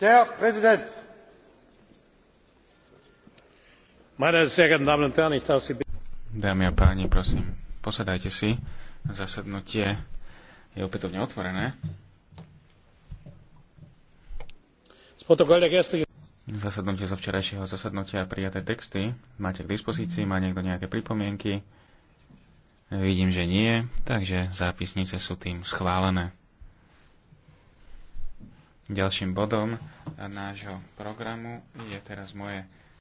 Präsident! Meine sehr geehrten Damen und Herren, ich darf Sie bitten. Dámy a páni, prosím, posadajte si. Zasadnutie je opätovne otvorené. Zasadnutie zo včerajšieho zasadnutia a prijaté texty. Máte k dispozícii, má niekto nejaké pripomienky? Vidím, že nie, takže zápisnice sú tým schválené. Ďalším bodom nášho programu je teraz moje